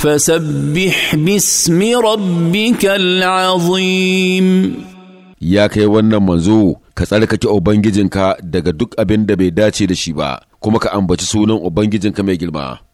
فسبح باسم ربك العظيم ya kai wannan manzo ka tsarkake ubangijinka daga duk abin da bai dace da shi ba kuma ka ambaci sunan ubangijinka mai girma